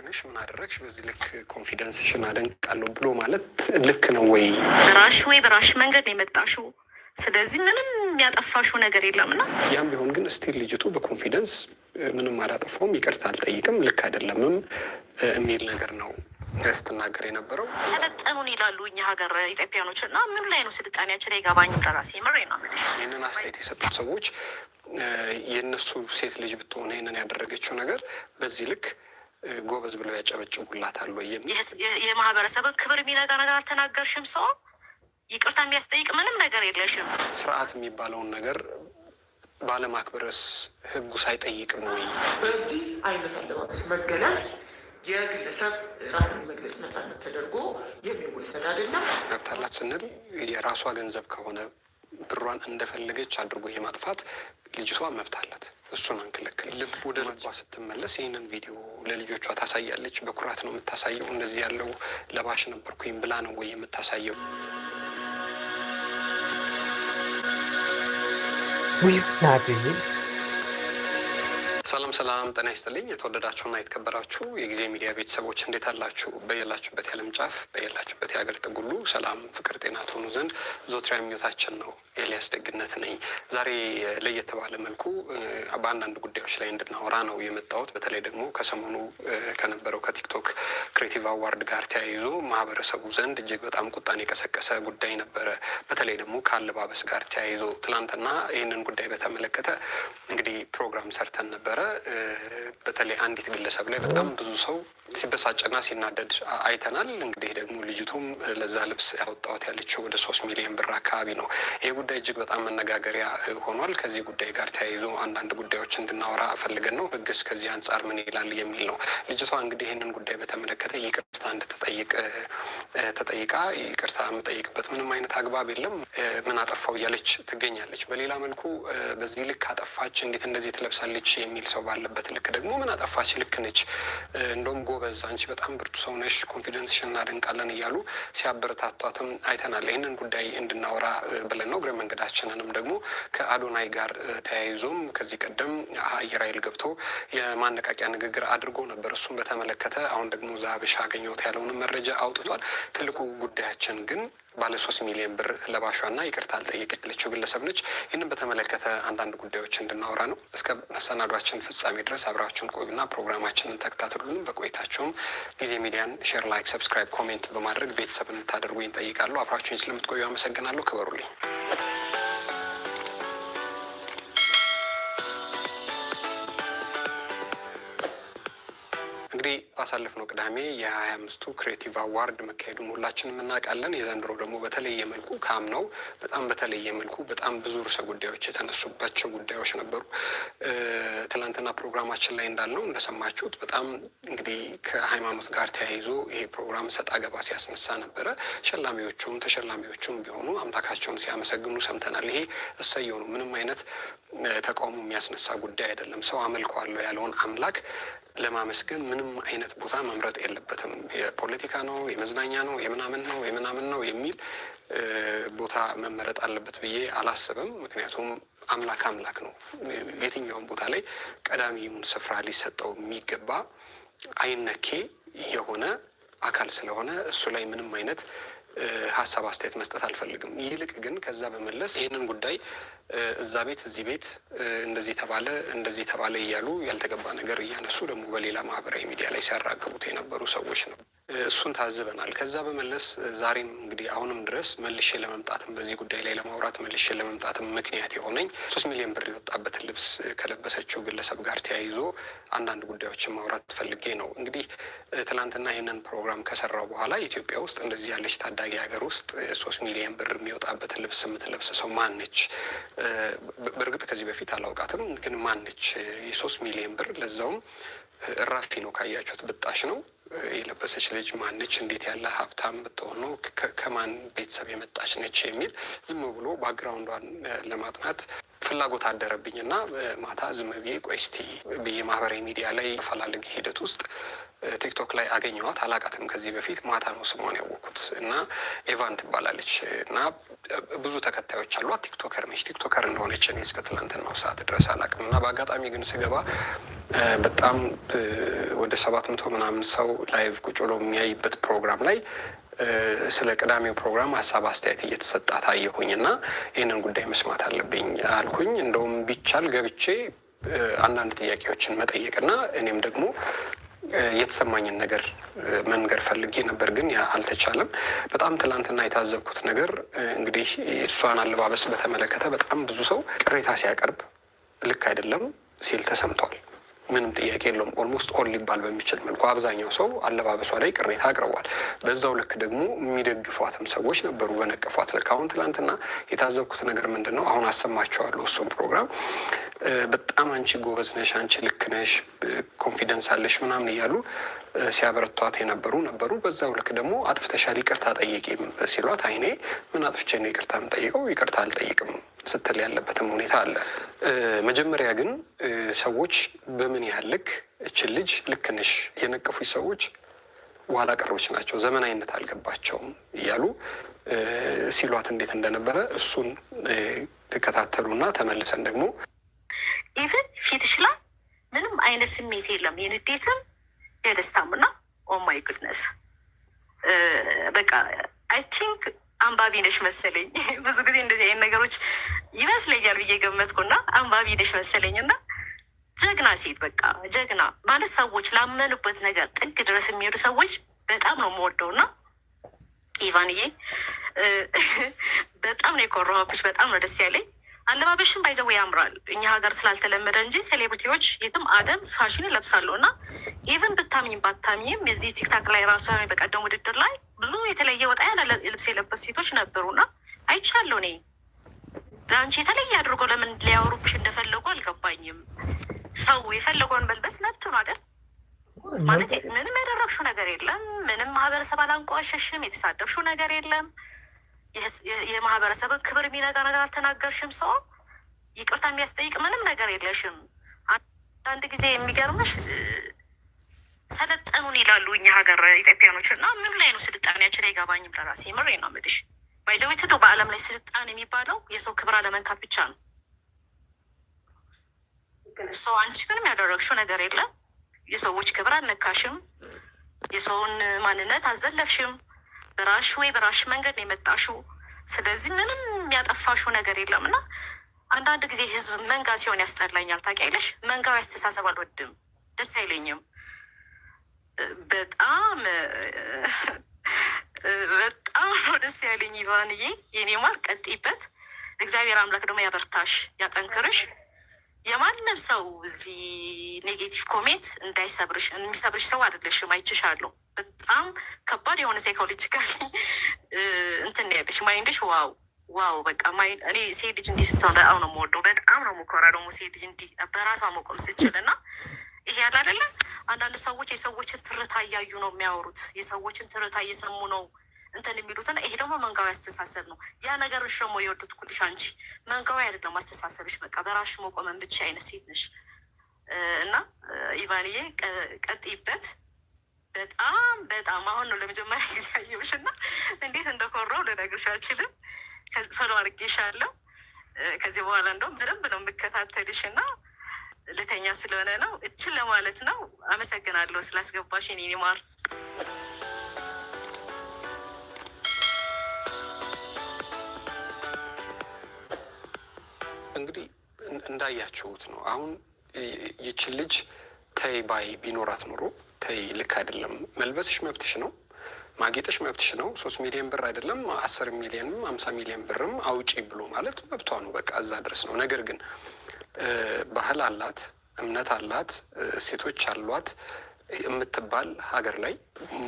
ልክንሽ ምን አደረግሽ፣ በዚህ ልክ ኮንፊደንስሽን አደንቃለሁ ብሎ ማለት ልክ ነው ወይ? በራሽ ወይ በራሽ መንገድ ነው የመጣሽው። ስለዚህ ምንም ያጠፋሽው ነገር የለም ና ያም ቢሆን ግን ስቲል ልጅቱ በኮንፊደንስ ምንም አላጠፋውም፣ ይቅርታ አልጠይቅም፣ ልክ አይደለምም የሚል ነገር ነው ስትናገር የነበረው። ሰለጠኑን ይላሉ እኛ ሀገር ኢትዮጵያኖች እና ምን ላይ ነው ስልጣኔያችን አይገባኝ። ለራሴ ምሬ ነው ይህንን አስተያየት የሰጡት ሰዎች የእነሱ ሴት ልጅ ብትሆነ ይህንን ያደረገችው ነገር በዚህ ልክ ጎበዝ ብለው ያጨበጭቡላታል ወይ የሚል የማህበረሰብን ክብር የሚነጋ ነገር አልተናገርሽም። ሰው ይቅርታ የሚያስጠይቅ ምንም ነገር የለሽም። ስርዓት የሚባለውን ነገር ባለማክበረስ ህጉ ሳይጠይቅም ወይ በዚህ አይነት አለባበስ መገለጽ የግለሰብ ራስን መግለጽ ነጻነት ተደርጎ የሚወሰድ አይደለም። መብት አላት ስንል የራሷ ገንዘብ ከሆነ ብሯን እንደፈለገች አድርጎ የማጥፋት ልጅቷ መብት አላት። እሱን አንክልክል። ልብ ወደ ልጇ ስትመለስ ይህንን ቪዲዮ ለልጆቿ ታሳያለች። በኩራት ነው የምታሳየው። እንደዚህ ያለው ለባሽ ነበርኩኝ ብላ ነው ወይ የምታሳየው? ውይ ናት ሰላም ሰላም፣ ጤና ይስጥልኝ የተወደዳችሁና የተከበራችሁ የጊዜ ሚዲያ ቤተሰቦች እንዴት አላችሁ? በየላችሁበት የዓለም ጫፍ በየላችሁበት የሀገር ጥግ ሁሉ ሰላም፣ ፍቅር፣ ጤና ትሆኑ ዘንድ ዞትሪያ ምኞታችን ነው። ኤልያስ ደግነት ነኝ። ዛሬ ለየት ባለ መልኩ በአንዳንድ ጉዳዮች ላይ እንድናወራ ነው የመጣሁት። በተለይ ደግሞ ከሰሞኑ ከነበረው ከቲክቶክ ክሬቲቭ አዋርድ ጋር ተያይዞ ማህበረሰቡ ዘንድ እጅግ በጣም ቁጣን የቀሰቀሰ ጉዳይ ነበረ። በተለይ ደግሞ ከአለባበስ ጋር ተያይዞ ትናንትና ይህንን ጉዳይ በተመለከተ እንግዲህ ፕሮግራም ሰርተን ነበረ ነበረ። በተለይ አንዲት ግለሰብ ላይ በጣም ብዙ ሰው ሲበሳጭና ሲናደድ አይተናል። እንግዲህ ደግሞ ልጅቱም ለዛ ልብስ ያወጣት ያለችው ወደ ሶስት ሚሊዮን ብር አካባቢ ነው። ይህ ጉዳይ እጅግ በጣም መነጋገሪያ ሆኗል። ከዚህ ጉዳይ ጋር ተያይዞ አንዳንድ ጉዳዮች እንድናወራ ፈልገን ነው። ህግስ ከዚህ አንጻር ምን ይላል የሚል ነው። ልጅቷ እንግዲህ ይህንን ጉዳይ በተመለከተ ይቅርታ እንድትጠይቅ ተጠይቃ ይቅርታ የምጠይቅበት ምንም አይነት አግባብ የለም። ምን አጠፋው እያለች ትገኛለች። በሌላ መልኩ በዚህ ልክ አጠፋች፣ እንዴት እንደዚህ ትለብሳለች የሚል ሰው ባለበት ልክ ደግሞ ምን አጠፋች፣ ልክ ነች፣ እንደውም ጎበዝ፣ አንቺ በጣም ብርቱ ሰው ነሽ፣ ኮንፊደንስሽን እናደንቃለን እያሉ ሲያበረታቷትም አይተናል። ይህንን ጉዳይ እንድናወራ ብለን ነው። እግረ መንገዳችንንም ደግሞ ከአዶናይ ጋር ተያይዞም ከዚህ ቀደም አየር ኃይል ገብቶ የማነቃቂያ ንግግር አድርጎ ነበር። እሱም በተመለከተ አሁን ደግሞ ዛበሻ አገኘሁት ያለውንም መረጃ አውጥቷል። ትልቁ ጉዳያችን ግን ባለ ሶስት ሚሊዮን ብር ለባሿና ይቅርታ አልጠየቅ ያለችው ግለሰብ ነች። ይህንን በተመለከተ አንዳንድ ጉዳዮች እንድናወራ ነው። እስከ መሰናዷችን ፍጻሜ ድረስ አብራችሁን ቆዩና ፕሮግራማችንን ተከታተሉልን። በቆይታቸውም ጊዜ ሚዲያን ሼር፣ ላይክ፣ ሰብስክራይብ፣ ኮሜንት በማድረግ ቤተሰብ እንድታደርጉኝ ጠይቃለሁ። አብራችሁኝ ስለምትቆዩ አመሰግናለሁ። ክበሩልኝ። እንግዲህ ባሳለፍነው ቅዳሜ የሀያ አምስቱ ክሬቲቭ አዋርድ መካሄዱን ሁላችንም እናውቃለን። የዘንድሮ ደግሞ በተለየ መልኩ ከአምናው በጣም በተለየ መልኩ በጣም ብዙ ርዕሰ ጉዳዮች የተነሱባቸው ጉዳዮች ነበሩ። ትናንትና ፕሮግራማችን ላይ እንዳልነው እንደሰማችሁት በጣም እንግዲህ ከሃይማኖት ጋር ተያይዞ ይሄ ፕሮግራም ሰጥ አገባ ሲያስነሳ ነበረ። ሸላሚዎቹም ተሸላሚዎቹም ቢሆኑ አምላካቸውን ሲያመሰግኑ ሰምተናል። ይሄ እሰየው ነው። ምንም አይነት ተቃውሞ የሚያስነሳ ጉዳይ አይደለም። ሰው አመልከዋለሁ ያለውን አምላክ ለማመስገን ምንም አይነት ቦታ መምረጥ የለበትም። የፖለቲካ ነው፣ የመዝናኛ ነው፣ የምናምን ነው፣ የምናምን ነው የሚል ቦታ መመረጥ አለበት ብዬ አላስብም። ምክንያቱም አምላክ አምላክ ነው። የትኛውም ቦታ ላይ ቀዳሚውን ስፍራ ሊሰጠው የሚገባ አይነኬ የሆነ አካል ስለሆነ እሱ ላይ ምንም አይነት ሀሳብ አስተያየት መስጠት አልፈልግም። ይልቅ ግን ከዛ በመለስ ይህንን ጉዳይ እዛ ቤት እዚህ ቤት እንደዚህ ተባለ እንደዚህ ተባለ እያሉ ያልተገባ ነገር እያነሱ ደግሞ በሌላ ማህበራዊ ሚዲያ ላይ ሲያራግቡት የነበሩ ሰዎች ነው። እሱን ታዝበናል። ከዛ በመለስ ዛሬም እንግዲህ አሁንም ድረስ መልሼ ለመምጣትም በዚህ ጉዳይ ላይ ለማውራት መልሼ ለመምጣትም ምክንያት የሆነኝ ሶስት ሚሊዮን ብር የወጣበትን ልብስ ከለበሰችው ግለሰብ ጋር ተያይዞ አንዳንድ ጉዳዮችን ማውራት ፈልጌ ነው። እንግዲህ ትናንትና ይህንን ፕሮግራም ከሰራው በኋላ ኢትዮጵያ ውስጥ እንደዚህ ያለች ታዳጊ ሀገር ውስጥ ሶስት ሚሊዮን ብር የሚወጣበትን ልብስ የምትለብስ ሰው ማነች? በእርግጥ ከዚህ በፊት አላውቃትም፣ ግን ማነች? የሶስት ሚሊዮን ብር ለዛውም እራፊ ነው፣ ካያችሁት ብጣሽ ነው የለበሰች ልጅ ማነች? እንዴት ያለ ሀብታም ብትሆኑ ከማን ቤተሰብ የመጣች ነች? የሚል ዝም ብሎ ባክግራውንዷን ለማጥናት ፍላጎት አደረብኝ እና ማታ ዝም ብዬ ቆይ እስቲ ብዬ ማህበራዊ ሚዲያ ላይ ፈላልግ ሂደት ውስጥ ቲክቶክ ላይ አገኘዋት። አላቃትም ከዚህ በፊት ማታ ነው ስሟን ያወቅኩት እና ኤቫን ትባላለች እና ብዙ ተከታዮች አሏት። ቲክቶከር ነች። ቲክቶከር እንደሆነች እኔ እስከ ትላንትናው ሰዓት ድረስ አላቅም እና በአጋጣሚ ግን ስገባ በጣም ወደ ሰባት መቶ ምናምን ሰው ላይቭ ቁጭ ብሎ የሚያይበት ፕሮግራም ላይ ስለ ቅዳሜው ፕሮግራም ሀሳብ አስተያየት እየተሰጣ ታየሁኝ እና ይህንን ጉዳይ መስማት አለብኝ አልኩኝ። እንደውም ቢቻል ገብቼ አንዳንድ ጥያቄዎችን መጠየቅና እኔም ደግሞ የተሰማኝን ነገር መንገር ፈልጌ ነበር፣ ግን ያ አልተቻለም። በጣም ትላንትና የታዘብኩት ነገር እንግዲህ እሷን አለባበስ በተመለከተ በጣም ብዙ ሰው ቅሬታ ሲያቀርብ ልክ አይደለም ሲል ተሰምቷል። ምንም ጥያቄ የለውም። ኦልሞስት ኦል ሊባል በሚችል መልኩ አብዛኛው ሰው አለባበሷ ላይ ቅሬታ አቅርቧል። በዛው ልክ ደግሞ የሚደግፏትም ሰዎች ነበሩ በነቀፏት ልክ። አሁን ትላንትና የታዘብኩት ነገር ምንድን ነው? አሁን አሰማቸዋለሁ እሱም ፕሮግራም በጣም አንቺ ጎበዝ ነሽ፣ አንቺ ልክ ነሽ፣ ኮንፊደንስ አለሽ ምናምን እያሉ ሲያበረቷት የነበሩ ነበሩ። በዛው ልክ ደግሞ አጥፍተሻል ይቅርታ ጠይቂም ሲሏት አይኔ ምን አጥፍቼ ነው ይቅርታ የምጠይቀው ይቅርታ አልጠይቅም ስትል ያለበትም ሁኔታ አለ። መጀመሪያ ግን ሰዎች በምን ያህል ልክ እችን ልጅ ልክ ነሽ የነቀፉች ሰዎች ኋላ ቀሮች ናቸው፣ ዘመናዊነት አልገባቸውም እያሉ ሲሏት እንዴት እንደነበረ እሱን ትከታተሉና ተመልሰን ደግሞ ኢቨን ፊትሽ ላይ ምንም አይነት ስሜት የለም የንዴትም የደስታም እና ኦማይ ጉድነስ በቃ አይ ቲንክ አንባቢ ነሽ መሰለኝ። ብዙ ጊዜ እንደዚህ አይነት ነገሮች ይመስለኛል ብዬ ገመትኩ እና አንባቢ ነሽ መሰለኝ እና ጀግና ሴት በቃ ጀግና ማለት ሰዎች ላመኑበት ነገር ጥግ ድረስ የሚሄዱ ሰዎች በጣም ነው የምወደው እና ኢቫንዬ በጣም ነው የኮራሁብሽ። በጣም ነው ደስ ያለኝ። አለባበሽን ባይዘው ያምራል እኛ ሀገር ስላልተለመደ እንጂ ሴሌብሪቲዎች የትም አደም ፋሽን ይለብሳሉ። እና ኢቨን ብታምኝም ባታምኝም የዚህ ቲክታክ ላይ ራሱ በቀደም ውድድር ላይ ብዙ የተለየ ወጣ ያለ ልብስ የለበሱ ሴቶች ነበሩና አይቻለሁ። እኔ ለአንቺ የተለየ አድርጎ ለምን ሊያወሩብሽ እንደፈለጉ አልገባኝም። ሰው የፈለገውን መልበስ መብቱ ነው አይደል? ማለት ምንም ያደረግሽው ነገር የለም። ምንም ማህበረሰብ አላንቋሸሽም። የተሳደብሽው ነገር የለም። የማህበረሰብን ክብር የሚነጋ ነገር አልተናገርሽም። ሰው ይቅርታ የሚያስጠይቅ ምንም ነገር የለሽም። አንዳንድ ጊዜ የሚገርምሽ ሰለጠኑን ይላሉ እኛ ሀገር ኢትዮጵያኖች እና ምን ላይ ነው ስልጣኔያችን? አይገባኝም። ለራሴ ምሬ ነው የምልሽ። ባይዘዊት ነው በአለም ላይ ስልጣን የሚባለው የሰው ክብር አለመንካት ብቻ ነው። ሰው አንቺ ምንም ያደረግሽው ነገር የለም። የሰዎች ክብር አልነካሽም። የሰውን ማንነት አልዘለፍሽም። በራሽ ወይ በራሽ መንገድ ነው የመጣሽው። ስለዚህ ምንም የሚያጠፋሽው ነገር የለም እና አንዳንድ ጊዜ ህዝብ መንጋ ሲሆን ያስጠላኛል። ታውቂያለሽ፣ መንጋው ያስተሳሰብ አልወድም፣ ደስ አይለኝም። በጣም በጣም ደስ ያለኝ። ይባንዬ የኔ ማር ቀጥይበት። እግዚአብሔር አምላክ ደግሞ ያበርታሽ፣ ያጠንክርሽ። የማንም ሰው እዚህ ኔጌቲቭ ኮሜንት እንዳይሰብርሽ። የሚሰብርሽ ሰው አይደለሽም፣ አይችሻለሁ። በጣም ከባድ የሆነ ሳይኮሎጂካል እንትን ያለሽ ማይንድሽ ዋው ዋው በቃ ማይ እኔ ሴት ልጅ እንዲህ ስትሆን በጣም ነው የምወደው፣ በጣም ነው የምኮራ ደግሞ ሴት ልጅ እንዲህ በራሷ መቆም ስችል እና ይሄ ያለ አይደለ አንዳንድ ሰዎች የሰዎችን ትርታ እያዩ ነው የሚያወሩት፣ የሰዎችን ትርታ እየሰሙ ነው እንትን የሚሉትና ይሄ ደግሞ መንጋዊ አስተሳሰብ ነው። ያ ነገሮች ደግሞ የወደድኩልሽ አንቺ መንጋዊ አይደለም አስተሳሰብሽ፣ በቃ በራሽ መቆመን ብቻ አይነት ሴት ነሽ እና ኢቫንዬ ቀጥይበት። በጣም በጣም አሁን ነው ለመጀመሪያ ጊዜ አየሁሽ እና እንዴት እንደኮራው ልነግርሽ አልችልም። ፈሎ አድርጌሻለሁ። ከዚህ በኋላ እንደውም በደንብ ነው የምከታተልሽ እና ልተኛ ስለሆነ ነው እችን ለማለት ነው። አመሰግናለሁ ስላስገባሽ ኔ ማር እንግዲህ እንዳያችሁት ነው አሁን ይችን ልጅ ተይ ባይ ቢኖራት ኖሮ ተይ ልክ አይደለም። መልበስሽ መብትሽ ነው፣ ማጌጥሽ መብትሽ ነው። ሶስት ሚሊዮን ብር አይደለም አስር ሚሊዮንም አምሳ ሚሊዮን ብርም አውጪ ብሎ ማለት መብቷ ነው። በቃ እዛ ድረስ ነው። ነገር ግን ባህል አላት፣ እምነት አላት፣ ሴቶች አሏት የምትባል ሀገር ላይ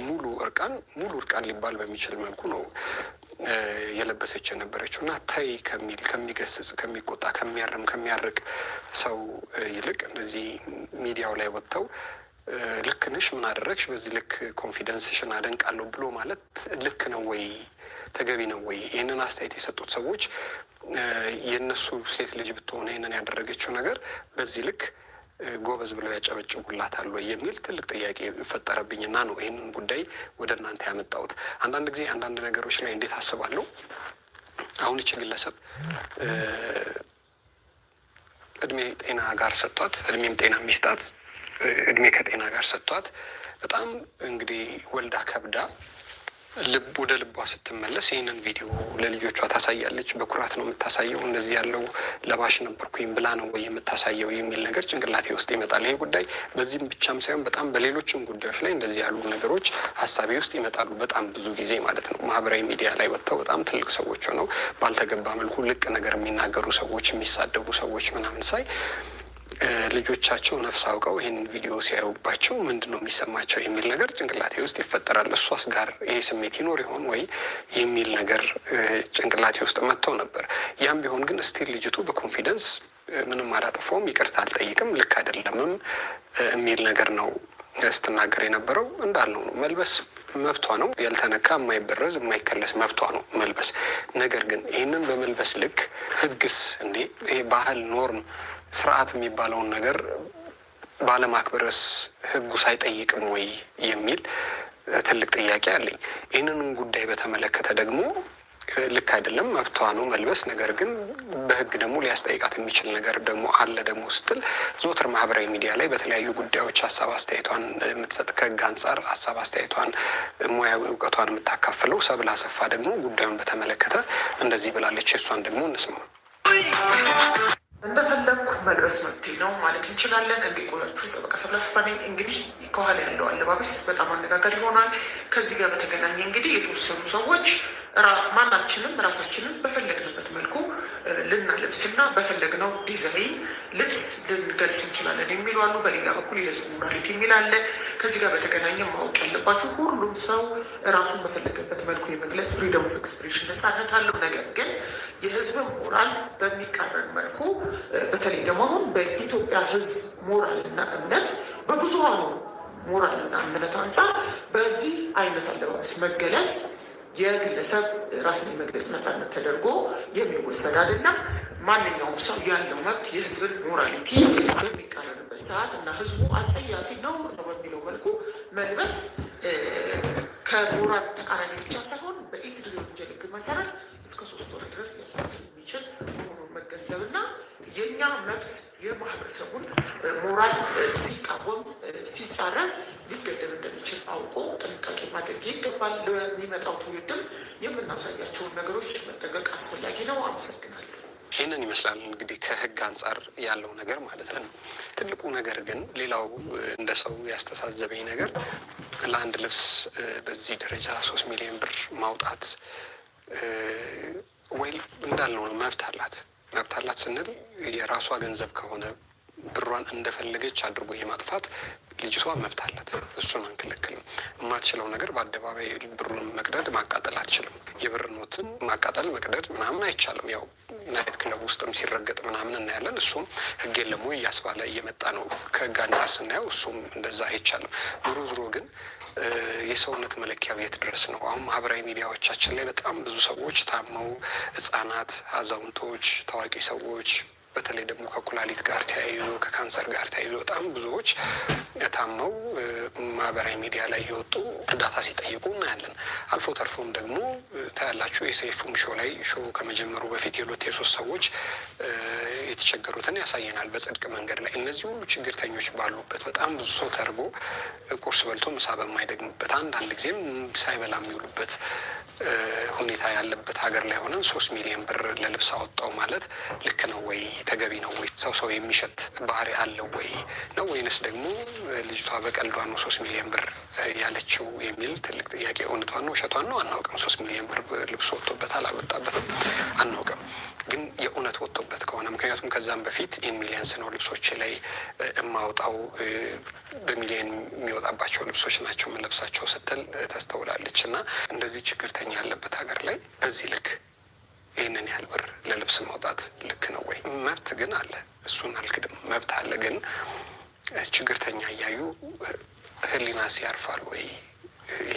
ሙሉ እርቃን ሙሉ እርቃን ሊባል በሚችል መልኩ ነው የለበሰች የነበረችው እና ተይ ከሚል ከሚገስጽ፣ ከሚቆጣ፣ ከሚያርም፣ ከሚያርቅ ሰው ይልቅ እንደዚህ ሚዲያው ላይ ወጥተው ልክ ነሽ፣ ምን አደረግሽ፣ በዚህ ልክ ኮንፊደንስሽን አደንቃለሁ ብሎ ማለት ልክ ነው ወይ ተገቢ ነው ወይ? ይህንን አስተያየት የሰጡት ሰዎች የእነሱ ሴት ልጅ ብትሆነ ይህንን ያደረገችው ነገር በዚህ ልክ ጎበዝ ብለው ያጨበጭቡላታል ወይ የሚል ትልቅ ጥያቄ ፈጠረብኝና ነው ይህንን ጉዳይ ወደ እናንተ ያመጣሁት። አንዳንድ ጊዜ አንዳንድ ነገሮች ላይ እንዴት አስባለሁ። አሁን ይቺ ግለሰብ እድሜ ጤና ጋር ሰጥቷት እድሜም ጤና የሚስጣት እድሜ ከጤና ጋር ሰጥቷት በጣም እንግዲህ ወልዳ ከብዳ ልብ ወደ ልቧ ስትመለስ ይህንን ቪዲዮ ለልጆቿ ታሳያለች። በኩራት ነው የምታሳየው። እንደዚህ ያለው ለባሽ ነበርኩኝ ብላ ነው ወይ የምታሳየው የሚል ነገር ጭንቅላቴ ውስጥ ይመጣል። ይሄ ጉዳይ በዚህም ብቻም ሳይሆን በጣም በሌሎችም ጉዳዮች ላይ እንደዚህ ያሉ ነገሮች ሀሳቤ ውስጥ ይመጣሉ። በጣም ብዙ ጊዜ ማለት ነው። ማህበራዊ ሚዲያ ላይ ወጥተው በጣም ትልቅ ሰዎች ሆነው ባልተገባ መልኩ ልቅ ነገር የሚናገሩ ሰዎች፣ የሚሳደቡ ሰዎች ምናምን ሳይ ልጆቻቸው ነፍስ አውቀው ይህን ቪዲዮ ሲያዩባቸው ምንድን ነው የሚሰማቸው የሚል ነገር ጭንቅላቴ ውስጥ ይፈጠራል። እሷስ ጋር ይሄ ስሜት ይኖር ይሆን ወይ የሚል ነገር ጭንቅላቴ ውስጥ መጥተው ነበር። ያም ቢሆን ግን እስቲል ልጅቱ በኮንፊደንስ ምንም አላጠፋውም፣ ይቅርታ አልጠይቅም፣ ልክ አይደለምም የሚል ነገር ነው ስትናገር የነበረው። እንዳልነው ነው መልበስ መብቷ ነው። ያልተነካ የማይበረዝ የማይከለስ መብቷ ነው መልበስ። ነገር ግን ይህንን በመልበስ ልክ ህግስ እንዴ ይሄ ባህል ኖርም ስርዓት የሚባለውን ነገር ባለማክበረስ ህጉ ሳይጠይቅም ወይ የሚል ትልቅ ጥያቄ አለኝ። ይህንንም ጉዳይ በተመለከተ ደግሞ ልክ አይደለም መብቷ ነው መልበስ፣ ነገር ግን በህግ ደግሞ ሊያስጠይቃት የሚችል ነገር ደግሞ አለ ደግሞ ስትል ዞትር ማህበራዊ ሚዲያ ላይ በተለያዩ ጉዳዮች ሀሳብ አስተያየቷን የምትሰጥ ከህግ አንጻር ሀሳብ አስተያየቷን ሙያዊ እውቀቷን የምታካፍለው ሰብለ አሰፋ ደግሞ ጉዳዩን በተመለከተ እንደዚህ ብላለች። እሷን ደግሞ እንስማ። መድረስ መብቴ ነው ማለት እንችላለን። እንዲቆያችሁ በቃ ሰብላስፋ ነኝ። እንግዲህ ከኋላ ያለው አለባበስ በጣም አነጋገር ይሆናል። ከዚህ ጋር በተገናኘ እንግዲህ የተወሰኑ ሰዎች ማናችንም ራሳችንን በፈለግንበት መልኩ ልናልብስና በፈለግነው ዲዛይን ልብስ ልንገልጽ እንችላለን የሚሉ አሉ። በሌላ በኩል የህዝብ ሞራሊቲ የሚል አለ። ከዚህ ጋር በተገናኘ ማወቅ ያለባቸው ሁሉም ሰው ራሱን በፈለገበት መልኩ የመግለጽ ፍሪደም ኦፍ ኤክስፕሬሽን ነጻነት አለው። ነገር ግን የህዝብ ሞራል በሚቃረን መልኩ በተለይ ደግሞ አሁን በኢትዮጵያ ህዝብ ሞራልና እምነት በብዙሃኑ ሞራልና እምነት አንጻር በዚህ አይነት አለባበስ መገለጽ የግለሰብ ራስን የመግለጽ ነጻነት ተደርጎ የሚወሰድ አይደለም። ማንኛውም ሰው ያለው መብት የህዝብን ሞራሊቲ በሚቃረንበት ሰዓት እና ህዝቡ አጸያፊ ነውር ነው በሚለው መልኩ መልበስ ከሞራል ተቃራኒ ብቻ ሳይሆን በኢፍድሪ ወንጀል ህግ መሰረት እስከ ሶስት ወር ድረስ ሊያሳስር የሚችል መገንዘብ እና የእኛ መብት የማህበረሰቡን ሞራል ሲቃወም ሲጻረር ሊገደብ እንደሚችል አውቆ ጥንቃቄ ማድረግ ይገባል። ለሚመጣው ትውልድም የምናሳያቸውን ነገሮች መጠንቀቅ አስፈላጊ ነው። አመሰግናለሁ። ይህንን ይመስላል እንግዲህ ከህግ አንጻር ያለው ነገር ማለት ነው። ትልቁ ነገር ግን ሌላው እንደ ሰው ያስተሳዘበኝ ነገር ለአንድ ልብስ በዚህ ደረጃ ሶስት ሚሊዮን ብር ማውጣት ወይ እንዳልነው ነው መብት አላት መብት አላት ስንል የራሷ ገንዘብ ከሆነ ብሯን እንደፈለገች አድርጎ የማጥፋት ልጅቷ መብት አላት። እሱን አንከለክልም። የማትችለው ነገር በአደባባይ ብሩን መቅደድ ማቃጠል አትችልም። የብር ኖትን ማቃጠል መቅደድ ምናምን አይቻልም። ያው ናይት ክለብ ውስጥም ሲረገጥ ምናምን እናያለን። እሱም ህግ የለም ወይ እያስባለ እየመጣ ነው። ከህግ አንጻር ስናየው እሱም እንደዛ አይቻልም። ዞሮ ዞሮ ግን የሰውነት መለኪያው የት ድረስ ነው? አሁን ማህበራዊ ሚዲያዎቻችን ላይ በጣም ብዙ ሰዎች ታመው፣ ህጻናት፣ አዛውንቶች፣ ታዋቂ ሰዎች በተለይ ደግሞ ከኩላሊት ጋር ተያይዞ ከካንሰር ጋር ተያይዞ በጣም ብዙዎች ታመው ማህበራዊ ሚዲያ ላይ የወጡ እርዳታ ሲጠይቁ እናያለን። አልፎ ተርፎም ደግሞ ታያላችሁ የሰይፉም ሾ ላይ ሾ ከመጀመሩ በፊት የሁለት የሶስት ሰዎች የተቸገሩትን ያሳየናል በጽድቅ መንገድ ላይ እነዚህ ሁሉ ችግርተኞች ባሉበት በጣም ብዙ ሰው ተርቦ ቁርስ በልቶ ምሳ በማይደግምበት አንዳንድ ጊዜም ሳይበላ የሚውሉበት ሁኔታ ያለበት ሀገር ላይ ሆነን ሶስት ሚሊዮን ብር ለልብስ አወጣው ማለት ልክ ነው ወይ? ተገቢ ነው ወይ? ሰው ሰው የሚሸት ባህሪ አለው ወይ ነው ወይንስ ደግሞ ልጅቷ በቀልዷ ነው ሶስት ሚሊዮን ብር ያለችው የሚል ትልቅ ጥያቄ። እውነቷን ነው ውሸቷን ነው አናውቅም። ሶስት ሚሊዮን ብር ልብስ ወጥቶበት አላወጣበትም አናውቅም። ግን የእውነት ወጥቶበት ከሆነ ምክንያቱም ከዛም በፊት ኢንሚሊየንስ ነው ልብሶች ላይ የማወጣው በሚሊየን የሚወጣባቸው ልብሶች ናቸው የምለብሳቸው ስትል ተስተውላለች። እና እንደዚህ ችግርተኛ ስደተኛ ያለበት ሀገር ላይ በዚህ ልክ ይህንን ያህል ብር ለልብስ ማውጣት ልክ ነው ወይ? መብት ግን አለ። እሱን አልክድም። መብት አለ። ግን ችግርተኛ እያዩ ህሊና ሲያርፋል ወይ? ይሄ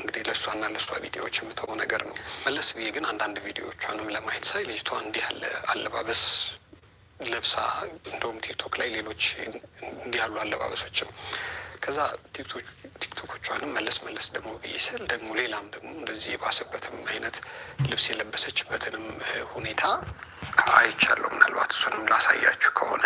እንግዲህ ለእሷና ለእሷ ቢጤዎች የምተው ነገር ነው። መለስ ብዬ ግን አንዳንድ ቪዲዮቿንም ለማየት ሳይ ልጅቷ እንዲህ ያለ አለባበስ ለብሳ እንደውም ቲክቶክ ላይ ሌሎች እንዲህ ያሉ አለባበሶችም ከዛ ቲክቶኮቿንም መለስ መለስ ደግሞ ብዬ ስል ደግሞ ሌላም ደግሞ እንደዚህ የባሰበትም አይነት ልብስ የለበሰችበትንም ሁኔታ አይቻለሁ። ምናልባት እሱንም ላሳያችሁ ከሆነ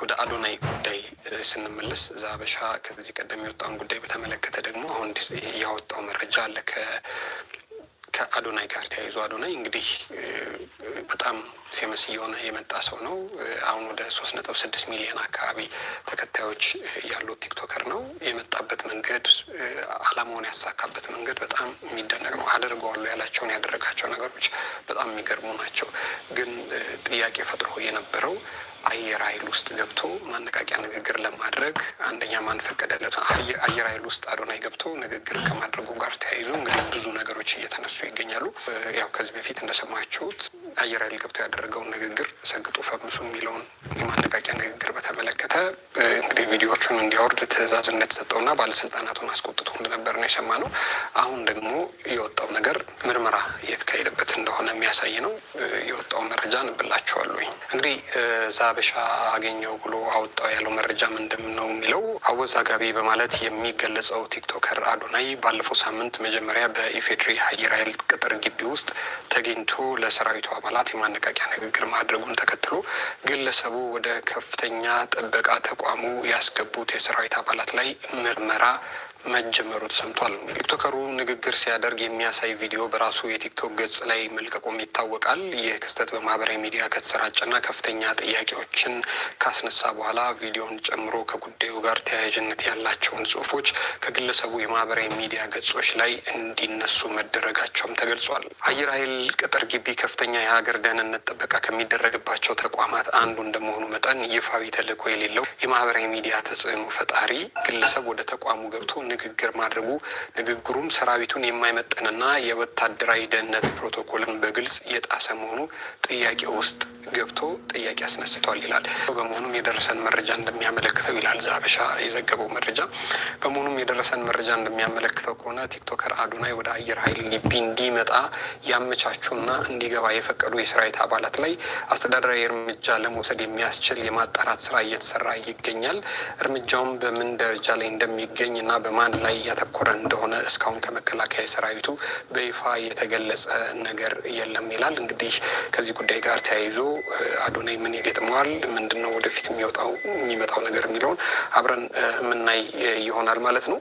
ወደ አዶናይ ጉዳይ ስንመለስ እዛ ከዚህ ቀደም የወጣውን ጉዳይ በተመለከተ ደግሞ አሁን ያወጣው መረጃ አለ ከአዶናይ ጋር ተያይዞ አዶናይ እንግዲህ በጣም ፌመስ እየሆነ የመጣ ሰው ነው። አሁን ወደ ሶስት ነጥብ ስድስት ሚሊዮን አካባቢ ተከታዮች ያሉት ቲክቶከር ነው። የመጣበት መንገድ አላማውን ያሳካበት መንገድ በጣም የሚደነቅ ነው። አደርገዋለሁ ያላቸውን ያደረጋቸው ነገሮች በጣም የሚገርሙ ናቸው። ግን ጥያቄ ፈጥሮ የነበረው አየር ኃይል ውስጥ ገብቶ ማነቃቂያ ንግግር ለማድረግ አንደኛ ማን ፈቀደለት? አየር ኃይል ውስጥ አዶናይ ገብቶ ንግግር ከማድረጉ ጋር ተያይዞ እንግዲህ ብዙ ነገሮች እየተነሱ ይገኛሉ። ያው ከዚህ በፊት እንደሰማችሁት አየር ኃይል ገብቶ ያደረገውን ንግግር ሰግጡ ፈምሱ የሚለውን የማነቃቂያ ንግግር በተመለከተ እንግዲህ ቪዲዮዎቹን እንዲያወርድ ትዕዛዝ እንደተሰጠውና ባለስልጣናቱን አስቆጥቶ እንደነበር ነው የሰማ ነው። አሁን ደግሞ የወጣው ነገር ምርመራ እየተካሄደበት እንደሆነ የሚያሳይ ነው። የወጣው መረጃ እንብላቸዋለኝ። እንግዲህ ዛበሻ አገኘው ብሎ አወጣው ያለው መረጃ ምንድን ነው የሚለው አወዛጋቢ በማለት የሚገለጸው ቲክቶከር አዶናይ ባለፈው ሳምንት መጀመሪያ በኢፌድሪ አየር ኃይል ቅጥር ግቢ ውስጥ ተገኝቶ ለሰራዊቱ አባላት የማነቃቂያ ንግግር ማድረጉን ተከትሎ ግለሰቡ ወደ ከፍተኛ ጥበቃ ተቋሙ ያስገቡት የሰራዊት አባላት ላይ ምርመራ መጀመሩ ተሰምቷል። ቲክቶከሩ ንግግር ሲያደርግ የሚያሳይ ቪዲዮ በራሱ የቲክቶክ ገጽ ላይ መልቀቁም ይታወቃል። ይህ ክስተት በማህበራዊ ሚዲያ ከተሰራጨና ከፍተኛ ጥያቄዎችን ካስነሳ በኋላ ቪዲዮን ጨምሮ ከጉዳዩ ጋር ተያያዥነት ያላቸውን ጽሁፎች ከግለሰቡ የማህበራዊ ሚዲያ ገጾች ላይ እንዲነሱ መደረጋቸውም ተገልጿል። አየር ኃይል ቅጥር ግቢ ከፍተኛ የሀገር ደህንነት ጥበቃ ከሚደረግባቸው ተቋማት አንዱ እንደመሆኑ መጠን ይፋዊ ተልዕኮ የሌለው የማህበራዊ ሚዲያ ተጽዕኖ ፈጣሪ ግለሰብ ወደ ተቋሙ ገብቶ ንግግር ማድረጉ ንግግሩም ሰራዊቱን የማይመጥንና የወታደራዊ ደህንነት ፕሮቶኮልን በግልጽ የጣሰ መሆኑ ጥያቄ ውስጥ ገብቶ ጥያቄ አስነስቷል ይላል። በመሆኑም የደረሰን መረጃ እንደሚያመለክተው ይላል ዛበሻ የዘገበው መረጃ። በመሆኑም የደረሰን መረጃ እንደሚያመለክተው ከሆነ ቲክቶከር አዶናይ ወደ አየር ኃይል ግቢ እንዲመጣ ያመቻቹና እንዲገባ የፈቀዱ የሰራዊት አባላት ላይ አስተዳደራዊ እርምጃ ለመውሰድ የሚያስችል የማጣራት ስራ እየተሰራ ይገኛል። እርምጃውን በምን ደረጃ ላይ እንደሚገኝ እና በማ በማን ላይ እያተኮረ እንደሆነ እስካሁን ከመከላከያ ሰራዊቱ በይፋ የተገለጸ ነገር የለም ይላል። እንግዲህ ከዚህ ጉዳይ ጋር ተያይዞ አዶናይ ምን ይገጥመዋል፣ ምንድነው ወደፊት የሚወጣው የሚመጣው ነገር የሚለውን አብረን የምናይ ይሆናል ማለት ነው።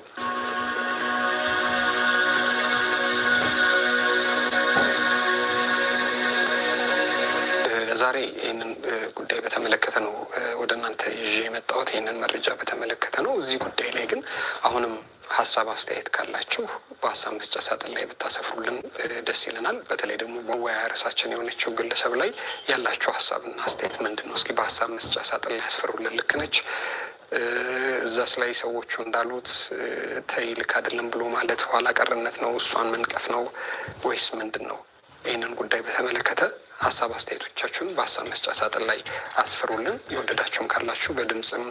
ዛሬ ይህንን ጉዳይ በተመለከተ ነው ወደ እናንተ ይዤ የመጣሁት። ይህንን መረጃ በተመለከተ ነው። እዚህ ጉዳይ ላይ ግን አሁንም ሀሳብ አስተያየት ካላችሁ በሀሳብ መስጫ ሳጥን ላይ ብታሰፍሩልን ደስ ይለናል። በተለይ ደግሞ በወያ ርዕሳችን የሆነችው ግለሰብ ላይ ያላችሁ ሀሳብና አስተያየት ምንድን ነው? እስኪ በሀሳብ መስጫ ሳጥን ላይ ያስፈሩልን። ልክ ነች እዛስ ላይ ሰዎቹ እንዳሉት ተይ ልክ አይደለም ብሎ ማለት ኋላ ቀርነት ነው፣ እሷን መንቀፍ ነው ወይስ ምንድን ነው? ይህንን ጉዳይ በተመለከተ ሀሳብ አስተያየቶቻችሁን በሀሳብ መስጫ ሳጥን ላይ አስፍሩልን። የወደዳችሁም ካላችሁ በድምፅም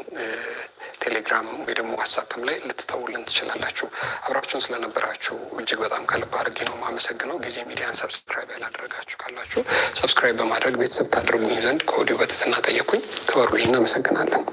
ቴሌግራም ወይ ደግሞ ዋትሳፕም ላይ ልትተውልን ትችላላችሁ። አብራችሁን ስለነበራችሁ እጅግ በጣም ከልብ አድርጌ ነው የማመሰግነው። ጊዜ ሚዲያን ሰብስክራይብ ያላደረጋችሁ ካላችሁ ሰብስክራይብ በማድረግ ቤተሰብ ታደርጉኝ ዘንድ ከወዲሁ በትህትና ጠየቅኩኝ። ክበሩልኝ። እናመሰግናለን።